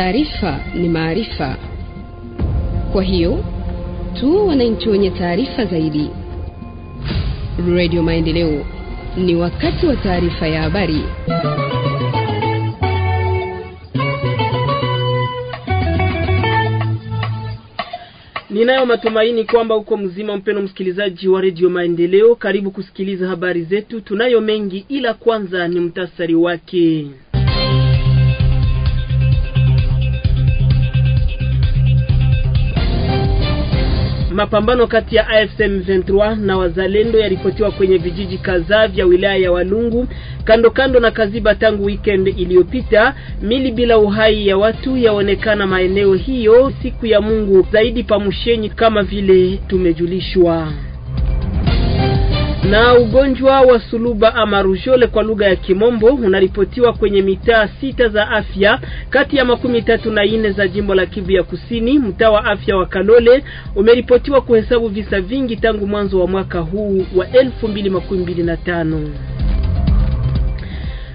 taarifa ni maarifa. Kwa hiyo tu wananchi wenye taarifa zaidi. Radio Maendeleo, ni wakati wa taarifa ya habari. Ninayo matumaini kwamba uko mzima, mpeno msikilizaji wa redio Maendeleo. Karibu kusikiliza habari zetu, tunayo mengi, ila kwanza ni mtasari wake. Mapambano kati ya AFC M23 na wazalendo yaripotiwa kwenye vijiji kadhaa vya wilaya ya Walungu kando kando na Kaziba tangu weekend iliyopita. Mili bila uhai ya watu yaonekana maeneo hiyo siku ya Mungu zaidi pa Mushenyi kama vile tumejulishwa. Na ugonjwa wa suluba ama rujole kwa lugha ya Kimombo unaripotiwa kwenye mitaa sita za afya kati ya makumi tatu na nne za jimbo la Kivu ya Kusini. Mtaa wa afya wa Kalole umeripotiwa kuhesabu visa vingi tangu mwanzo wa mwaka huu wa 2025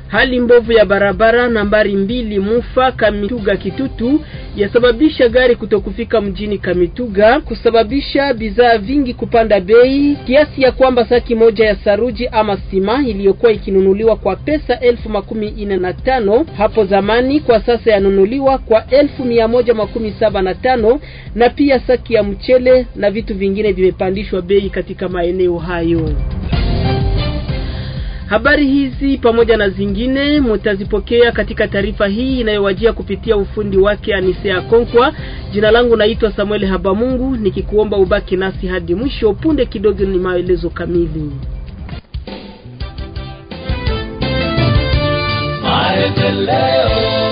Hali mbovu ya barabara nambari mbili Mufa Kamituga Kitutu yasababisha gari kutokufika mjini Kamituga, kusababisha bidhaa vingi kupanda bei kiasi ya kwamba saki moja ya saruji ama sima iliyokuwa ikinunuliwa kwa pesa elfu makumi ine na tano hapo zamani, kwa sasa yanunuliwa kwa elfu mia moja makumi saba na tano na pia saki ya mchele na vitu vingine vimepandishwa bei katika maeneo hayo. Habari hizi pamoja na zingine mutazipokea katika taarifa hii inayowajia kupitia ufundi wake Anisea Konkwa. Jina langu naitwa Samuel Habamungu, nikikuomba ubaki nasi hadi mwisho. Punde kidogo ni maelezo kamili. Maendeleo.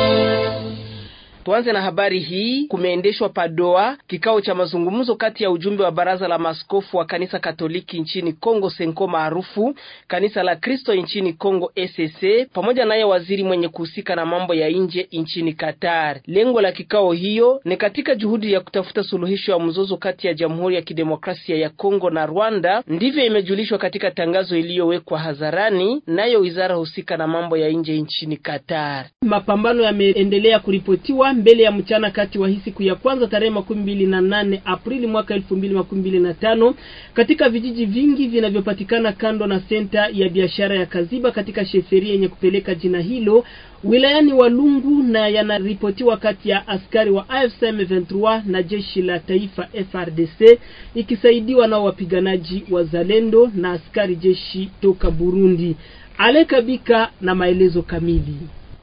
Tuanze na habari hii. Kumeendeshwa Padoa kikao cha mazungumzo kati ya ujumbe wa baraza la maskofu wa kanisa Katoliki nchini Kongo Senko maarufu kanisa la Kristo nchini Kongo ECC pamoja naye waziri mwenye kuhusika na mambo ya nje nchini Qatar. Lengo la kikao hiyo ni katika juhudi ya kutafuta suluhisho ya mzozo kati ya Jamhuri ya Kidemokrasia ya Kongo na Rwanda, ndivyo imejulishwa katika tangazo iliyowekwa hadharani nayo wizara husika na mambo ya nje nchini Qatar. Mapambano yameendelea kuripotiwa mbele ya mchana kati wa hii siku ya kwanza tarehe makumi mbili na nane Aprili mwaka elfu mbili makumi mbili na tano katika vijiji vingi vinavyopatikana kando na senta ya biashara ya Kaziba katika sheferi yenye kupeleka jina hilo wilayani Walungu, na yanaripotiwa kati ya askari wa AFC M23 na jeshi la taifa FRDC ikisaidiwa na wapiganaji wa Zalendo na askari jeshi toka Burundi. Alekabika na maelezo kamili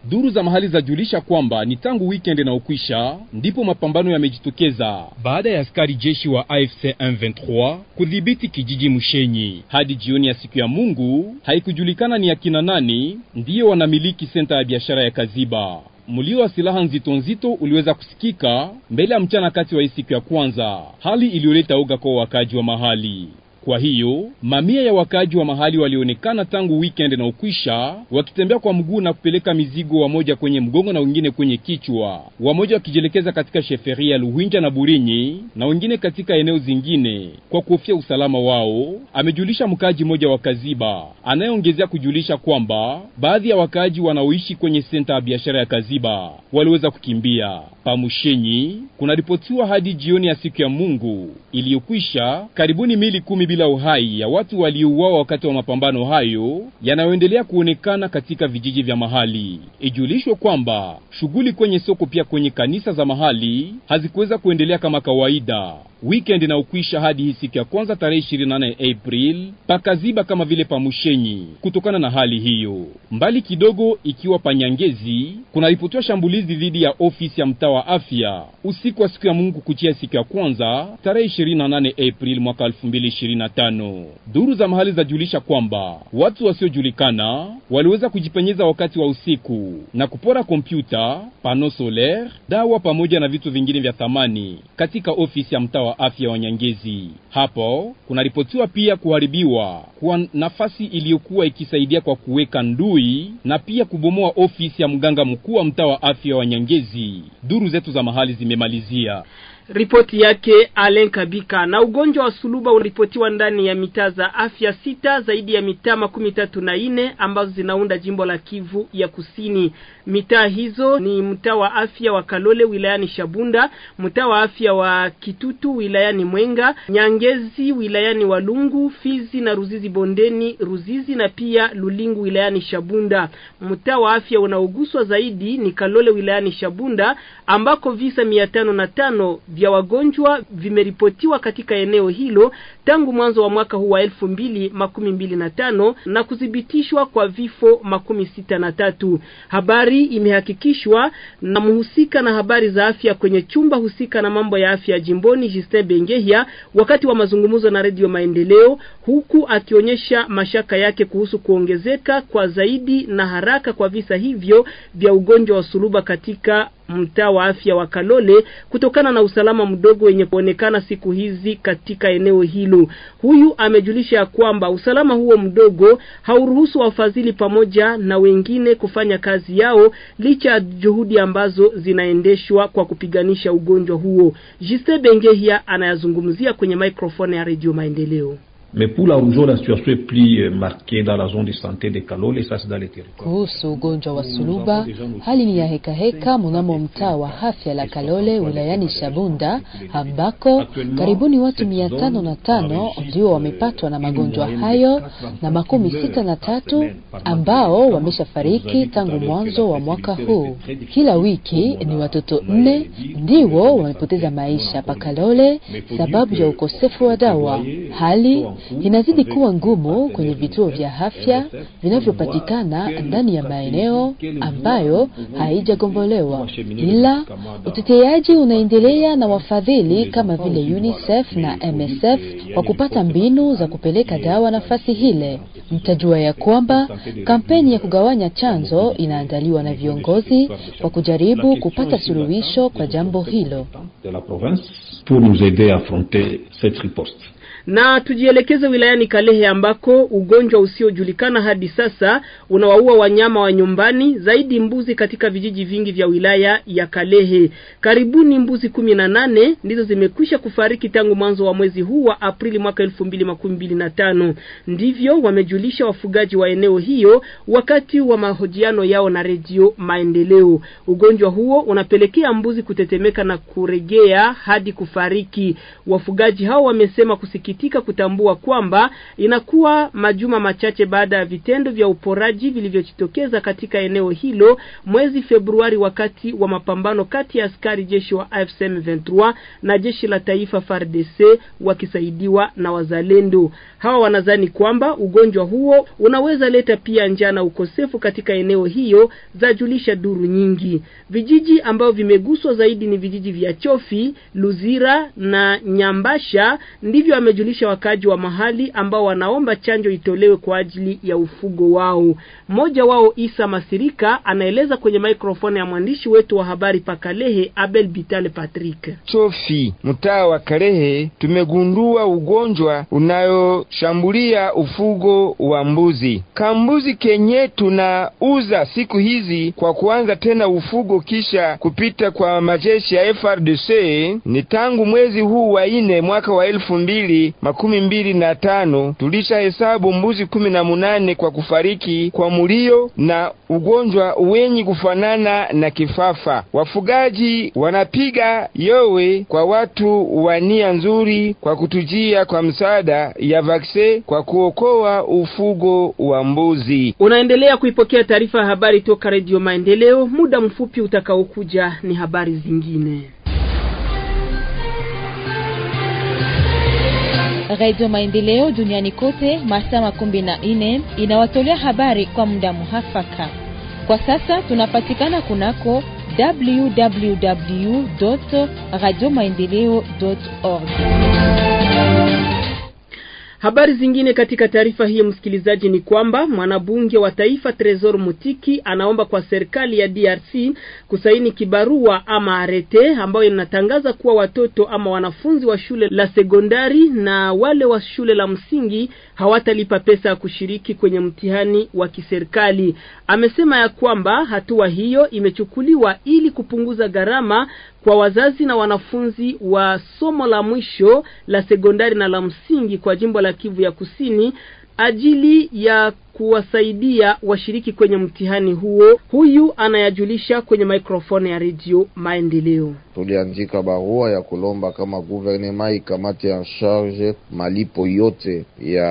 Duru za mahali zajulisha kwamba ni tangu weekend ukwisha ndipo mapambano yamejitokeza baada ya askari jeshi wa AFC M23 kudhibiti kijiji Mushenyi. Hadi jioni ya siku ya Mungu haikujulikana ni akina nani ndiyo wanamiliki senta ya biashara ya Kaziba. Mlio wa silaha nzito nzito uliweza kusikika mbele ya mchana kati wa siku ya kwanza, hali iliyoleta uga kwa wakaji wa mahali. Kwa hiyo mamia ya wakaaji wa mahali walionekana tangu weekend na ukwisha wakitembea kwa mguu na kupeleka mizigo, wamoja kwenye mgongo na wengine kwenye kichwa, wamoja wakijielekeza katika sheferia Luhinja na Burinyi na wengine katika eneo zingine kwa kuhofia usalama wao, amejulisha mkaaji mmoja wa Kaziba, anayeongezea kujulisha kwamba baadhi ya wakaaji wanaoishi kwenye senta ya biashara ya Kaziba waliweza kukimbia Pamushenyi. Kunaripotiwa hadi jioni ya siku ya Mungu iliyokwisha karibuni mili kumi bila uhai ya watu waliouawa wakati wa mapambano hayo yanayoendelea kuonekana katika vijiji vya mahali. Ijulishwe kwamba shughuli kwenye soko pia kwenye kanisa za mahali hazikuweza kuendelea kama kawaida. Weekend inaokwisha hadi hii siku ya kwanza tarehe 28 April pakaziba kama vile pamushenyi. Kutokana na hali hiyo, mbali kidogo ikiwa panyangezi, kunaripotiwa shambulizi dhidi ya ofisi ya mtaa wa afya usiku wa siku ya Mungu kuchia siku ya kwanza tarehe 28 April mwaka 2025. Duru za mahali zajulisha kwamba watu wasiojulikana waliweza kujipenyeza wakati wa usiku na kupora kompyuta, pano solaire, dawa pamoja na vitu vingine vya thamani katika ofisi ya mtaa wa afya wa Nyangezi. Hapo kunaripotiwa pia kuharibiwa kwa nafasi iliyokuwa ikisaidia kwa kuweka ndui na pia kubomoa ofisi ya mganga mkuu wa mtaa wa afya wa Nyangezi. Duru zetu za mahali zimemalizia Ripoti yake Alen Kabika. Na ugonjwa wa suluba unaripotiwa ndani ya mitaa za afya sita zaidi ya mitaa makumi tatu na nne ambazo zinaunda jimbo la Kivu ya Kusini. Mitaa hizo ni mtaa wa afya wa Kalole wilayani Shabunda, mtaa wa afya wa Kitutu wilayani Mwenga, Nyangezi wilayani Walungu, Fizi na Ruzizi bondeni Ruzizi na pia Lulingu wilayani Shabunda. Mtaa wa afya unaoguswa zaidi ni Kalole wilayani Shabunda ambako visa mia tano na tano vya wagonjwa vimeripotiwa katika eneo hilo tangu mwanzo wa mwaka huu wa elfu mbili makumi mbili na tano na kuthibitishwa kwa vifo makumi sita na tatu. Habari imehakikishwa na mhusika na habari za afya kwenye chumba husika na mambo ya afya jimboni Justin Bengehia wakati wa mazungumzo na Redio Maendeleo, huku akionyesha mashaka yake kuhusu kuongezeka kwa zaidi na haraka kwa visa hivyo vya ugonjwa wa suluba katika mtaa wa afya wa Kalole kutokana na usalama mdogo wenye kuonekana siku hizi katika eneo hilo. Kamerun. Huyu amejulisha kwamba usalama huo mdogo hauruhusu wafadhili pamoja na wengine kufanya kazi yao licha ya juhudi ambazo zinaendeshwa kwa kupiganisha ugonjwa huo. Jiste Bengehia anayazungumzia kwenye mikrofoni ya Radio Maendeleo. Mais pour la rougeole, la situation est plus euh, marquée dans la zone de santé de Kalole, c'est dans les territoires. Kuhusu ugonjwa wa suluba, hali ni ya heka heka mnamo mtaa wa afya la Kalole wilayani Shabunda, ambako karibuni watu mia tano na tano ndio euh, wamepatwa na magonjwa hayo na makumi sita na tatu ambao wameshafariki tangu mwanzo wa mwaka huu. Kila wiki ni watoto nne ndiwo wamepoteza maisha pa Kalole sababu ya ukosefu wa dawa. Hali inazidi kuwa ngumu kwenye vituo vya afya vinavyopatikana ndani ya maeneo ambayo haijagombolewa, ila uteteaji unaendelea na wafadhili kama vile UNICEF na MSF wa kupata mbinu za kupeleka dawa nafasi hile. Mtajua ya kwamba kampeni ya kugawanya chanzo inaandaliwa na viongozi kwa kujaribu kupata suluhisho kwa jambo hilo. Na tujielekeze wilayani Kalehe ambako ugonjwa usiojulikana hadi sasa unawaua wanyama wa nyumbani zaidi mbuzi katika vijiji vingi vya wilaya ya Kalehe. Karibuni mbuzi kumi na nane ndizo zimekwisha kufariki tangu mwanzo wa mwezi huu wa Aprili mwaka elfu mbili makumi mbili na tano. Ndivyo wamejulisha wafugaji wa eneo hiyo wakati wa mahojiano yao na redio Maendeleo. Ugonjwa huo unapelekea mbuzi kutetemeka na kuregea hadi kufariki. Wafugaji hao wamesema kusikitika kusikitika kutambua kwamba inakuwa majuma machache baada ya vitendo vya uporaji vilivyojitokeza katika eneo hilo mwezi Februari, wakati wa mapambano kati ya askari jeshi wa AFC M23 na jeshi la taifa FARDC wakisaidiwa na wazalendo. Hawa wanadhani kwamba ugonjwa huo unaweza leta pia njaa na ukosefu katika eneo hiyo, zajulisha duru nyingi. Vijiji ambao vimeguswa zaidi ni vijiji vya Chofi, Luzira na Nyambasha, ndivyo ame kuwajulisha wakaji wa mahali ambao wanaomba chanjo itolewe kwa ajili ya ufugo wao. Mmoja wao Isa Masirika anaeleza kwenye maikrofoni ya mwandishi wetu wa habari Pakalehe Abel Bitale Patrick. Sofi, mtaa wa Kalehe, tumegundua ugonjwa unayoshambulia ufugo wa mbuzi. Kambuzi kenye tunauza siku hizi kwa kuanza tena ufugo kisha kupita kwa majeshi ya FRDC ni tangu mwezi huu wa ine mwaka wa elfu mbili makumi mbili na tano tulisha hesabu mbuzi kumi na munane kwa kufariki kwa mulio na ugonjwa wenyi kufanana na kifafa. Wafugaji wanapiga yowe kwa watu wa nia nzuri kwa kutujia kwa msaada ya vakse kwa kuokoa ufugo wa mbuzi. Unaendelea kuipokea taarifa ya habari toka Redio Maendeleo. Muda mfupi utakaokuja ni habari zingine. Radio Maendeleo duniani kote masaa makumbi na nne inawatolea habari kwa muda muhafaka. Kwa sasa tunapatikana kunako www radio maendeleo org Habari zingine katika taarifa hii msikilizaji, ni kwamba mwanabunge wa taifa Tresor Mutiki anaomba kwa serikali ya DRC kusaini kibarua ama arete ambayo inatangaza kuwa watoto ama wanafunzi wa shule la sekondari na wale wa shule la msingi hawatalipa pesa ya kushiriki kwenye mtihani wa kiserikali. Amesema ya kwamba hatua hiyo imechukuliwa ili kupunguza gharama kwa wazazi na wanafunzi wa somo la mwisho la sekondari na la msingi kwa jimbo la Kivu ya Kusini ajili ya kuwasaidia washiriki kwenye mtihani huo. Huyu anayajulisha kwenye mikrofoni ya redio Maendeleo. Tuliandika barua ya kulomba kama guvernema ikamate ya charge malipo yote ya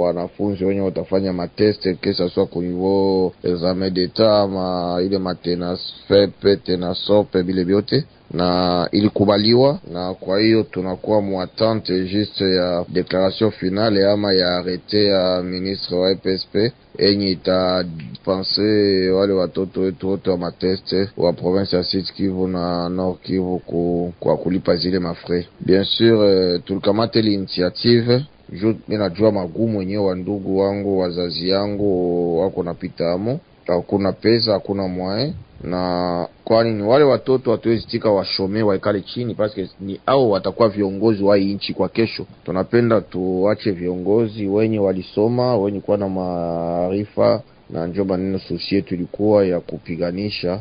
wanafunzi wenye watafanya mateste kesa swa kunivo examen d'etat ma ile matenas fepe tenasope bile vyote na ilikubaliwa, na kwa hiyo tunakuwa mwatante juste ya deklaration finale ama ya arete ya ministre wa EPSP enye itapanse wale watoto wetu wote wa mateste wa province ya Sud Kivu na Nord Kivu ku, kwa kulipa zile mafrais. Bien sur eh, initiative l'initiative ju minajua magumu wenyewe wa ndugu wangu wazazi yangu wako napita amo hakuna pesa, hakuna mwae na kwani ni wale watoto watuwezi tika washomee waikale chini, paske ni au watakuwa viongozi wa nchi kwa kesho. Tunapenda tuache viongozi wenye walisoma, wenye kuwa na maarifa, na njo maneno susie tulikuwa ilikuwa ya kupiganisha.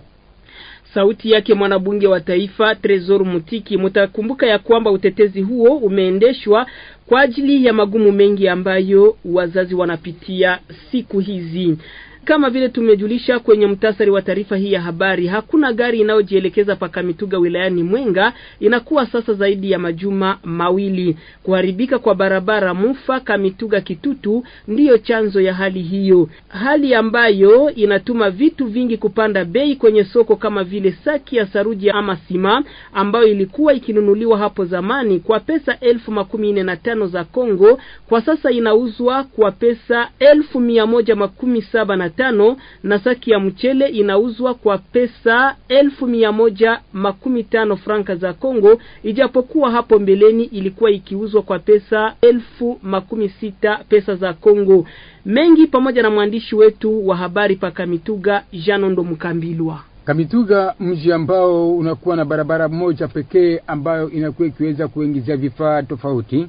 Sauti yake mwanabunge wa taifa Tresor Mutiki. Mutakumbuka ya kwamba utetezi huo umeendeshwa kwa ajili ya magumu mengi ambayo wazazi wanapitia siku hizi. Kama vile tumejulisha kwenye mtasari wa taarifa hii ya habari, hakuna gari inayojielekeza Pakamituga wilayani Mwenga, inakuwa sasa zaidi ya majuma mawili. Kuharibika kwa barabara Mufa Kamituga Kitutu ndiyo chanzo ya hali hiyo, hali ambayo inatuma vitu vingi kupanda bei kwenye soko kama vile saki ya saruji ama sima ambayo ilikuwa ikinunuliwa hapo zamani kwa pesa elfu makumi nne na tano za Kongo, kwa sasa inauzwa kwa pesa elfu mia moja makumi saba na tano na saki ya mchele inauzwa kwa pesa elfu mia moja makumi tano franka za Kongo, ijapokuwa hapo mbeleni ilikuwa ikiuzwa kwa pesa elfu makumi sita pesa za Kongo. Mengi pamoja na mwandishi wetu wa habari kamituga Janondo Mkambilwa. Kamituga, mji ambao unakuwa na barabara moja pekee ambayo inakuwa ikiweza kuingizia vifaa tofauti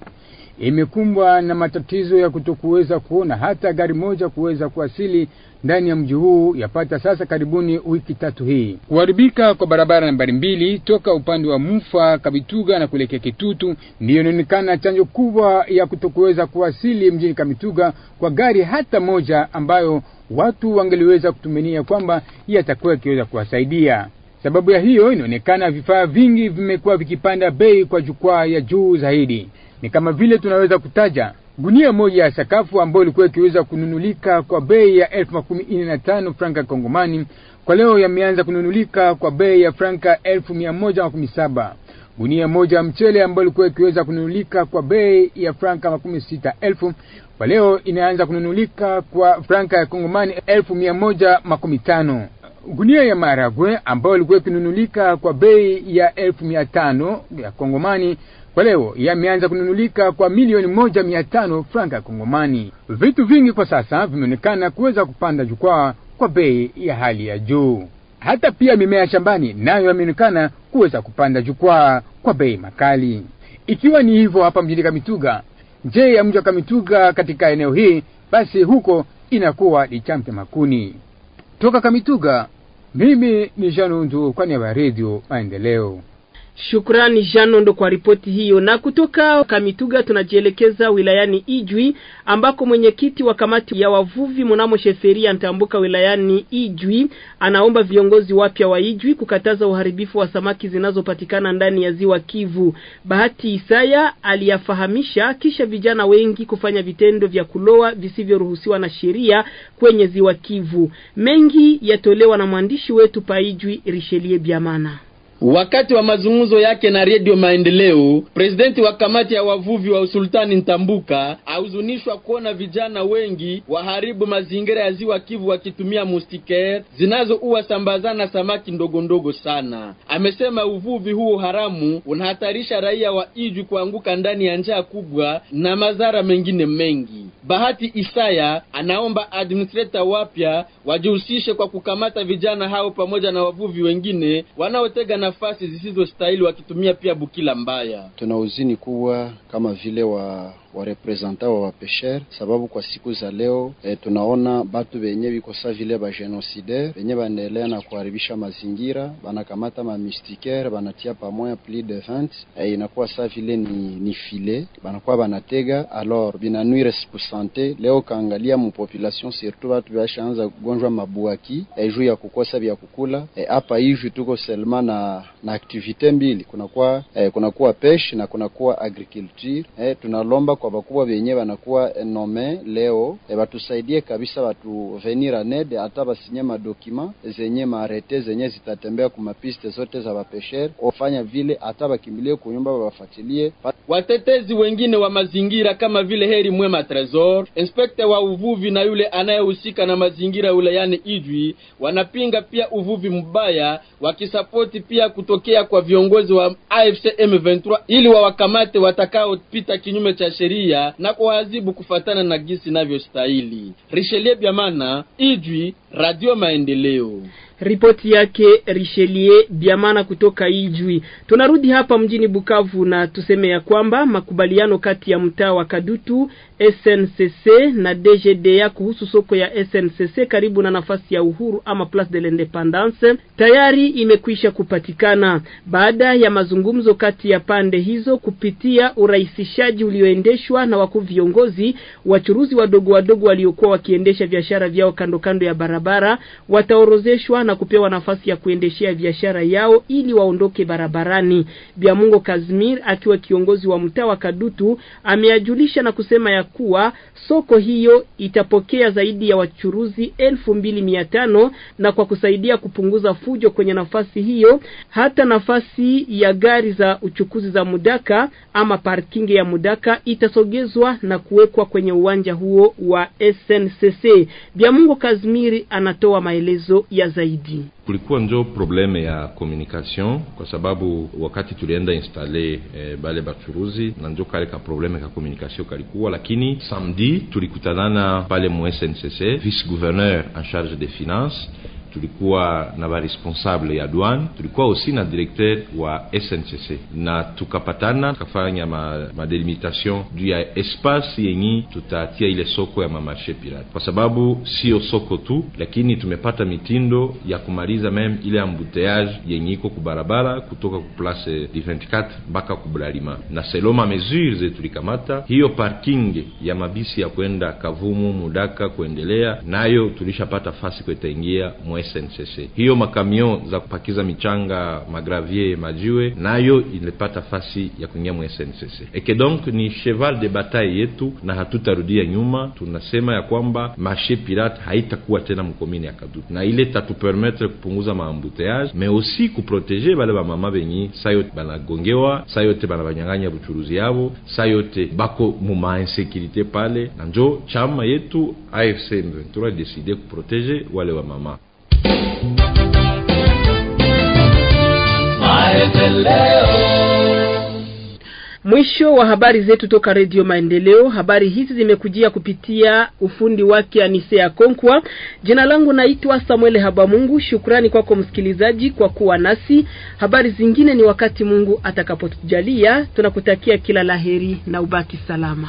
imekumbwa na matatizo ya kutokuweza kuona hata gari moja kuweza kuwasili ndani ya mji huu yapata sasa karibuni wiki tatu hii. Kuharibika kwa barabara nambari mbili toka upande wa Mufa Kabituga na kuelekea Kitutu ndiyo inaonekana chanjo kubwa ya kutokuweza kuwasili mjini Kamituga kwa gari hata moja, ambayo watu wangeliweza kutumania kwamba yatakuwa atakuwa ikiweza kuwasaidia. Sababu ya hiyo inaonekana vifaa vingi vimekuwa vikipanda bei kwa jukwaa ya juu zaidi. Ni kama vile tunaweza kutaja gunia moja ya sakafu ambayo ilikuwa ikiweza kununulika kwa bei ya elfu makumi nne na tano franka Kongomani, kwa leo yameanza kununulika kwa bei ya franka elfu mia moja makumi saba gunia moja ya mchele ambayo ilikuwa ikiweza kununulika kwa bei ya franka makumi sita elfu kwa leo inaanza kununulika kwa franka ya Kongomani elfu mia moja makumi tano gunia ya maragwe ambayo ilikuwa ikinunulika kwa bei ya elfu mia tano ya Kongomani kwa leo yameanza kununulika kwa milioni moja mia tano franka ya Kongomani. Vitu vingi kwa sasa vimeonekana kuweza kupanda jukwaa kwa bei ya hali ya juu. Hata pia mimea shambani nayo yameonekana kuweza kupanda jukwaa kwa bei makali. Ikiwa ni hivyo hapa mjini Kamituga, nje ya mji wa Kamituga katika eneo hii, basi huko inakuwa ni champe makuni. Toka Kamituga, mimi ni Janundu kwa niaba ya Redio Maendeleo. Shukrani Janondo kwa ripoti hiyo. Na kutoka Kamituga tunajielekeza wilayani Ijwi ambako mwenyekiti wa kamati ya wavuvi mnamo sheferi Ntambuka wilayani Ijwi anaomba viongozi wapya wa Ijwi kukataza uharibifu wa samaki zinazopatikana ndani ya ziwa Kivu. Bahati Isaya aliyafahamisha kisha vijana wengi kufanya vitendo vya kuloa visivyoruhusiwa na sheria kwenye ziwa Kivu. Mengi yatolewa na mwandishi wetu Ijwi Richelie Biamana. Wakati wa mazungumzo yake na Redio Maendeleo, presidenti wa kamati ya wavuvi wa usultani Ntambuka ahuzunishwa kuona vijana wengi waharibu mazingira ya ziwa Kivu wakitumia zinazouwa sambazana samaki ndogo ndogo sana. Amesema uvuvi huo haramu unahatarisha raia wa Ijwi kuanguka ndani ya njaa kubwa na madhara mengine mengi. Bahati Isaya anaomba administrator wapya wajihusishe kwa kukamata vijana hao pamoja na wavuvi wengine wanaotega na nafasi zisizostahili wakitumia pia Bukila mbaya. Tuna uzini kuwa kama vile wa wareprezanta wa wapesher, sababu kwa siku za leo e, tunaona batu benye sa vile bagenocidaire benye banaendelea na kuharibisha mazingira, banakamata mamystikere banatia pamoya plus de 20 e, eh, inakuwa sa vile ni, ni file banakuwa banatega alors binanuire sante. Leo kaangalia mupopulation surtout batu bashaanza kugonjwa mabuaki e, juu ya kukosa vya kukula hapa e, hivi tuko selma na, na aktivite mbili kunakuwa e, kunakuwa peshe na kunakuwa agriculture e, tunalomba kwa bakubwa benye banakuwa nome leo e, batusaidie kabisa, batu venir anede, hata basinye madokima zenye marete zenye zitatembea kumapiste zote za bapesher ofanya vile, hata bakimbilie kunyumba babafatilie. Watetezi wengine wa mazingira kama vile Heri Mwema Tresor, inspekta wa uvuvi na yule anayehusika na mazingira wilayani Ijwi wanapinga pia uvuvi mbaya, wakisapoti pia kutokea kwa viongozi wa AFC M23 ili wawakamate watakaopita kinyume cha sheria sheria na kuwaadhibu kufatana na gisi inavyostahili. Richelieu Byamana, Idwi, Radio Maendeleo. Ripoti yake Richelieu Biamana kutoka Ijwi. Tunarudi hapa mjini Bukavu na tuseme ya kwamba makubaliano kati ya mtaa wa Kadutu SNCC na DGDA kuhusu soko ya SNCC karibu na nafasi ya uhuru ama Place de l'Independance tayari imekwisha kupatikana baada ya mazungumzo kati ya pande hizo kupitia urahisishaji ulioendeshwa na wakuu viongozi wachuruzi wadogo wadogo waliokuwa wakiendesha biashara vyao kando kando ya barabara wataorozeshwa na kupewa nafasi ya kuendeshea biashara yao ili waondoke barabarani. Biamungo Kazimir akiwa kiongozi wa mtaa wa Kadutu ameajulisha na kusema ya kuwa soko hiyo itapokea zaidi ya wachuruzi elfu mbili mia tano na kwa kusaidia kupunguza fujo kwenye nafasi hiyo, hata nafasi ya gari za uchukuzi za mudaka ama parking ya mudaka itasogezwa na kuwekwa kwenye uwanja huo wa SNCC. Biamungo Kazimiri anatoa maelezo ya zaidi zaidi. Kulikuwa njo probleme ya communication kwa sababu wakati tulienda installe e, bale bachuruzi na njo kale ka probleme ka communication kalikuwa, lakini samedi tulikutanana pale mu SNCC, vice gouverneur en charge des finances tulikuwa na responsable ya douane, tulikuwa aussi na directeur wa SNCC na tukapatana tukafanya ma, madelimitation juu ya espace yenyi tutatia ile soko ya mamarshe pirate, kwa sababu sio soko tu, lakini tumepata mitindo ya kumaliza meme ile ambuteyage yenyi iko kubarabara kutoka ku place 24 mpaka kubralima na seloma mesure ze tulikamata hiyo parking ya mabisi ya kwenda Kavumu, Mudaka kuendelea nayo tulishapata fasi kwetaingia mwe SNCC. Eh, hiyo makamion za kupakiza michanga, magravier majiwe nayo ilipata fasi ya kuingia mu SNCC. Eke eh, donc ni cheval de bataille yetu na hatutarudia nyuma. Tunasema ya kwamba marshe pirate haitakuwa tena mkomini ya Kadutu, na ile tatupermetre kupunguza maambuteyage mais aussi kuproteje bale bamama benyi sayote banagongewa, sayote banabanyanganya buchuruzi yabo, sayote bako mu mainsekirite pale, na njo chama yetu AFC M23 deside kuproteje wale wamama. Mwisho wa habari zetu toka Redio Maendeleo. Habari hizi zimekujia kupitia ufundi wake Anisea Konkwa. Jina langu naitwa Samuel Habamungu. Shukrani kwako msikilizaji kwa kuwa nasi. Habari zingine ni wakati Mungu atakapotujalia. Tunakutakia kila laheri na ubaki salama.